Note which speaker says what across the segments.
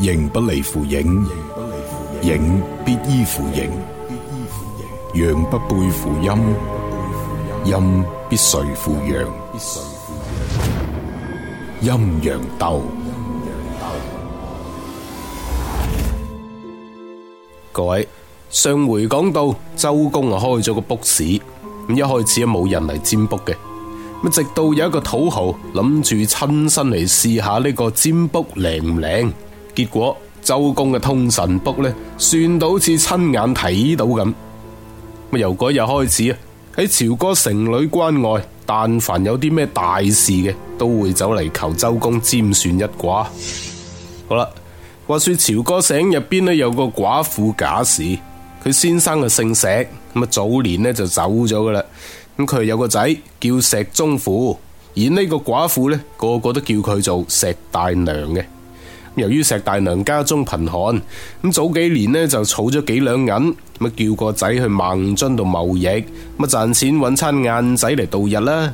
Speaker 1: 形不離乎影，影必依乎形；陽不背乎陰，陰必須乎陽。陰陽鬥。各位，上回講到周公啊，開咗個卜市咁，一開始啊冇人嚟占卜嘅，咁直到有一個土豪諗住親身嚟試下呢個占卜靈唔靈。結果周公嘅通神卜咧，算到好似親眼睇到咁。由嗰日開始啊，喺朝歌城裏關外，但凡有啲咩大事嘅，都會走嚟，求周公占算一卦。好啦，話說朝歌城入邊咧有個寡婦賈氏，佢先生嘅姓石，咁啊早年咧就走咗噶啦。咁佢有個仔叫石中虎，而呢個寡婦咧個個都叫佢做石大娘嘅。由於石大娘家中貧寒，咁早幾年呢就儲咗幾兩銀，咪叫個仔去孟津度貿易，咪賺錢揾餐晏仔嚟度日啦。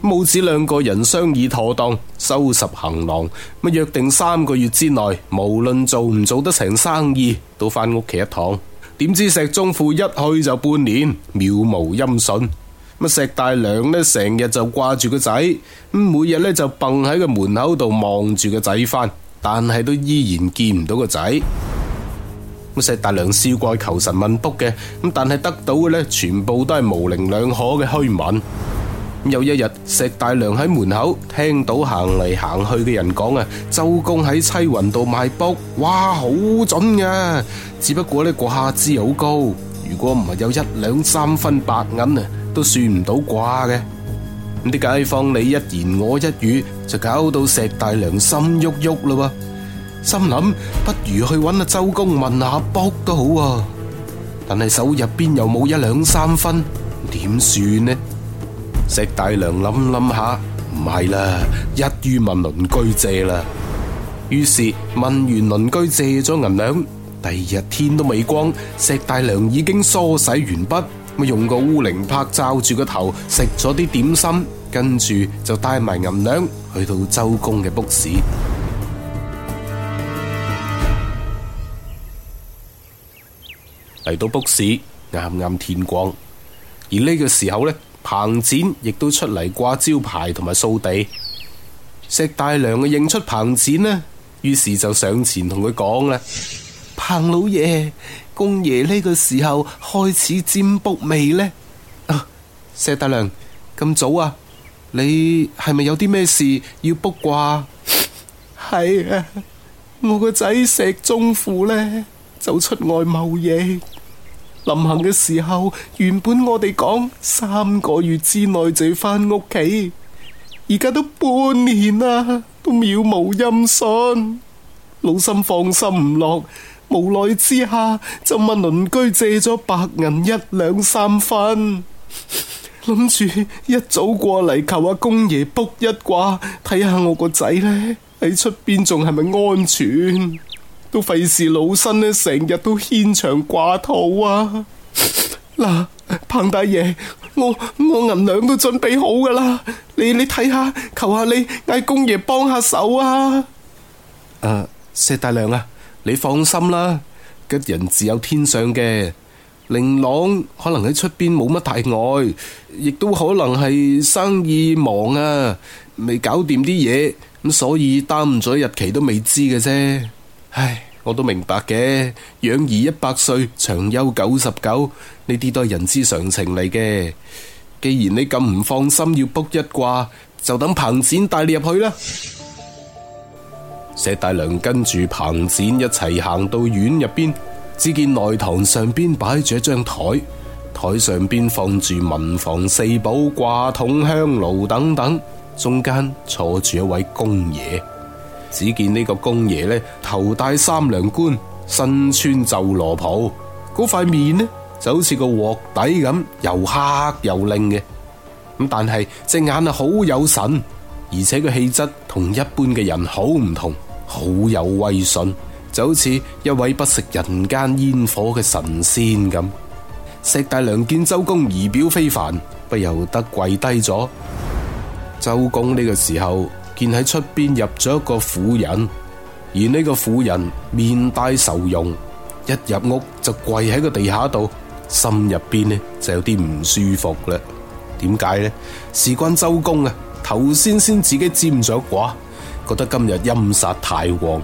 Speaker 1: 母子兩個人商議妥當，收拾行囊，咪約定三個月之內，無論做唔做得成生意，都返屋企一趟。點知石中富一去就半年，渺無音訊。咪石大娘呢成日就掛住個仔，咁每日呢就蹦喺個門口度望住個仔返。但係都依然見唔到個仔，咁石大娘燒怪求神問卜嘅，咁但係得到嘅呢，全部都係模棱兩可嘅虛文。有一日，石大娘喺門口聽到行嚟行去嘅人講啊，周公喺棲雲度賣卜，哇，好準㗎，只不過呢卦資好高，如果唔係有一兩三分白銀啊，都算唔到卦嘅。啲街坊你一言我一語，就搞到石大娘心郁郁啦，心諗不如去揾阿周公問下卜都好啊，但係手入邊又冇一兩三分，點算呢？石大娘諗諗下，唔係啦，一於問鄰居借啦。於是問完鄰居借咗銀兩，第二日天都未光，石大娘已經梳洗完畢。用個烏靈帕罩住個頭，食咗啲點心，跟住就帶埋銀兩去到周公嘅卜市。嚟 到卜市，啱啱天光，而呢個時候呢，彭展亦都出嚟掛招牌同埋掃地。石大娘啊認出彭展呢，於是就上前同佢講啦。彭行老爺，公爺呢個時候開始占卜未呢？啊，石大
Speaker 2: 娘咁早啊，你係咪有啲咩事要卜卦？係啊，我個仔石忠富呢就出外貿易，臨行嘅時候原本我哋講三個月之內就翻屋企，而家都半年啦，都渺無音訊，老身放心唔落。無奈之下就問鄰居借咗白銀一兩三分，諗住一早過嚟，求阿公爺卜一卦，睇下我個仔呢喺出邊仲係咪安全，都費事老身呢，成日都牽腸掛肚啊！嗱，彭大爺，我我銀兩都準備好噶啦，你你睇下，求下你嗌公爺幫下手啊！
Speaker 1: 啊、呃，石大娘啊！你放心啦，吉人自有天相嘅。令郎可能喺出邊冇乜大礙，亦都可能係生意忙啊，未搞掂啲嘢，咁所以耽誤咗日期都未知嘅啫。唉，我都明白嘅，養兒一百歲，長憂九十九，呢啲都係人之常情嚟嘅。既然你咁唔放心，要卜一卦，就等彭展帶你入去啦。石大娘跟住彭展一齊行到院入邊，只見內堂上邊擺住一張台，台上邊放住文房四寶、卦筒、香爐等等，中間坐住一位公爺。只見呢個公爺呢，頭戴三梁冠，身穿皺羅袍，嗰塊面呢就好似個鍋底咁，又黑又靚嘅。咁但係隻眼啊好有神，而且個氣質同一般嘅人好唔同。好有威信，就好似一位不食人間煙火嘅神仙咁。石大娘見周公儀表非凡，不由得跪低咗。周公呢個時候見喺出邊入咗一個婦人，而呢個婦人面帶愁容，一入屋就跪喺個地下度，心入邊呢就有啲唔舒服啦。點解呢？事關周公啊，頭先先自己占咗卦。覺得今日陰煞太旺，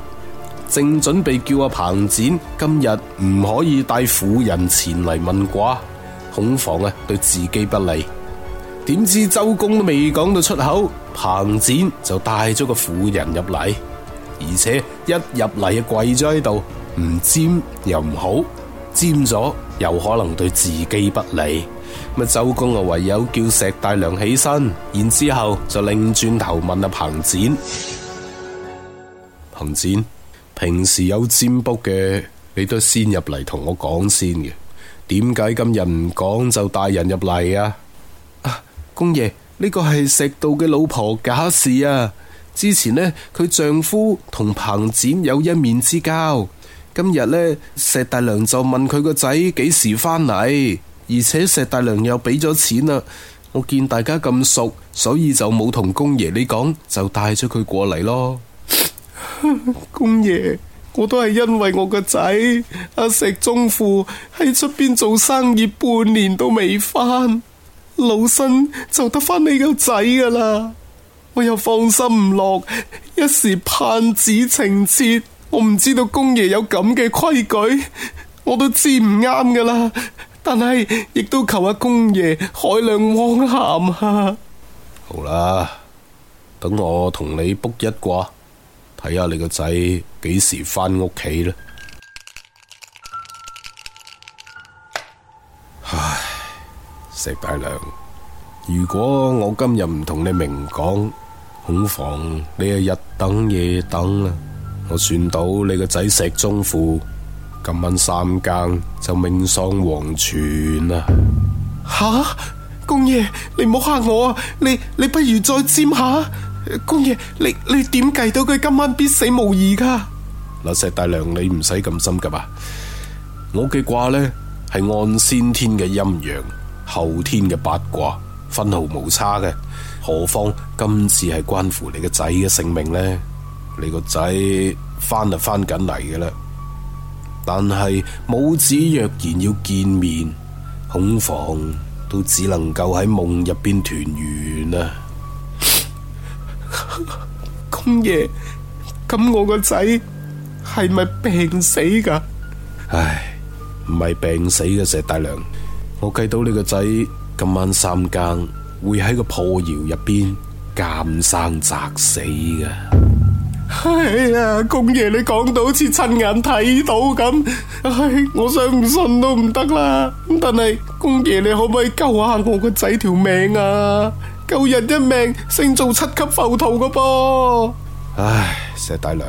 Speaker 1: 正準備叫阿彭展今日唔可以帶婦人前嚟問卦，恐防啊對自己不利。點知周公都未講到出口，彭展就帶咗個婦人入嚟，而且一入嚟就跪咗喺度，唔占又唔好占咗，又可能對自己不利。咁周公啊唯有叫石大娘起身，然之後就擰轉頭問阿彭展。彭展，平時有占卜嘅，你都先入嚟同我講先嘅，點解今日唔講就帶人入嚟啊？公爺，呢個係石道嘅老婆賈氏啊。之前呢，佢丈夫同彭展有一面之交。今日呢，石大娘就問佢個仔幾時返嚟，而且石大娘又俾咗錢啦。我見大家咁熟，所以就冇同公爺你講，就帶咗佢過嚟咯。
Speaker 2: 公爺，我都係因為我個仔阿石忠富喺出邊做生意半年都未返，老身就得返你個仔噶啦，我又放心唔落，一時盼子情切，我唔知道公爺有咁嘅規矩，我都知唔啱噶啦，但係亦都求阿公爺海量汪涵下。
Speaker 1: 好啦，等我同你卜一卦。睇下你個仔幾時翻屋企咧？唉，石大娘，如果我今日唔同你明講，恐防你係日等夜等啦。我算到你個仔石中富今晚三更就命喪黃泉啦！
Speaker 2: 吓，公爺，你唔好嚇我啊！你你不如再占下。公爺，你你點計到佢今晚必死無疑噶？
Speaker 1: 嗱，石大娘，你唔使咁心急噶吧。我嘅卦呢，係按先天嘅陰陽，後天嘅八卦，分毫無差嘅。何況今次係關乎你個仔嘅性命呢？你個仔翻就翻緊嚟嘅啦。但係母子若然要見面，恐防都只能夠喺夢入邊團圓啊！
Speaker 2: 公爺，咁我個仔係咪病死噶？
Speaker 1: 唉，唔係病死嘅，石大娘，我計到你個仔今晚三更會喺個破窯入邊監生砸死噶。
Speaker 2: 係、哎、呀，公爺你講到好似親眼睇到咁，唉、哎，我想唔信都唔得啦。但係公爺你可唔可以救下我個仔條命啊？救人一命勝造七級浮屠噶噃。
Speaker 1: 唉，石大娘，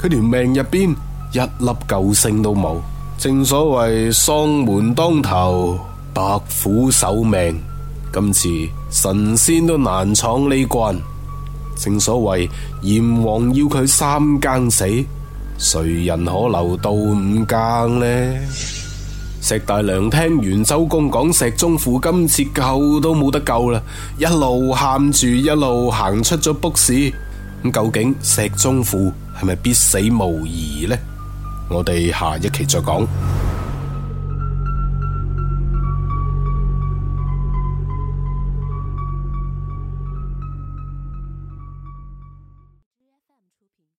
Speaker 1: 佢連命入邊一粒救星都冇。正所謂喪門當頭，白虎守命，今次神仙都難闖呢關。正所謂閻王要佢三更死，誰人可留到五更呢？石大娘聽完周公講石中富今次救都冇得救啦，一路喊住一路行出咗卜市。咁究竟石中富係咪必死無疑呢？我哋下一期再講。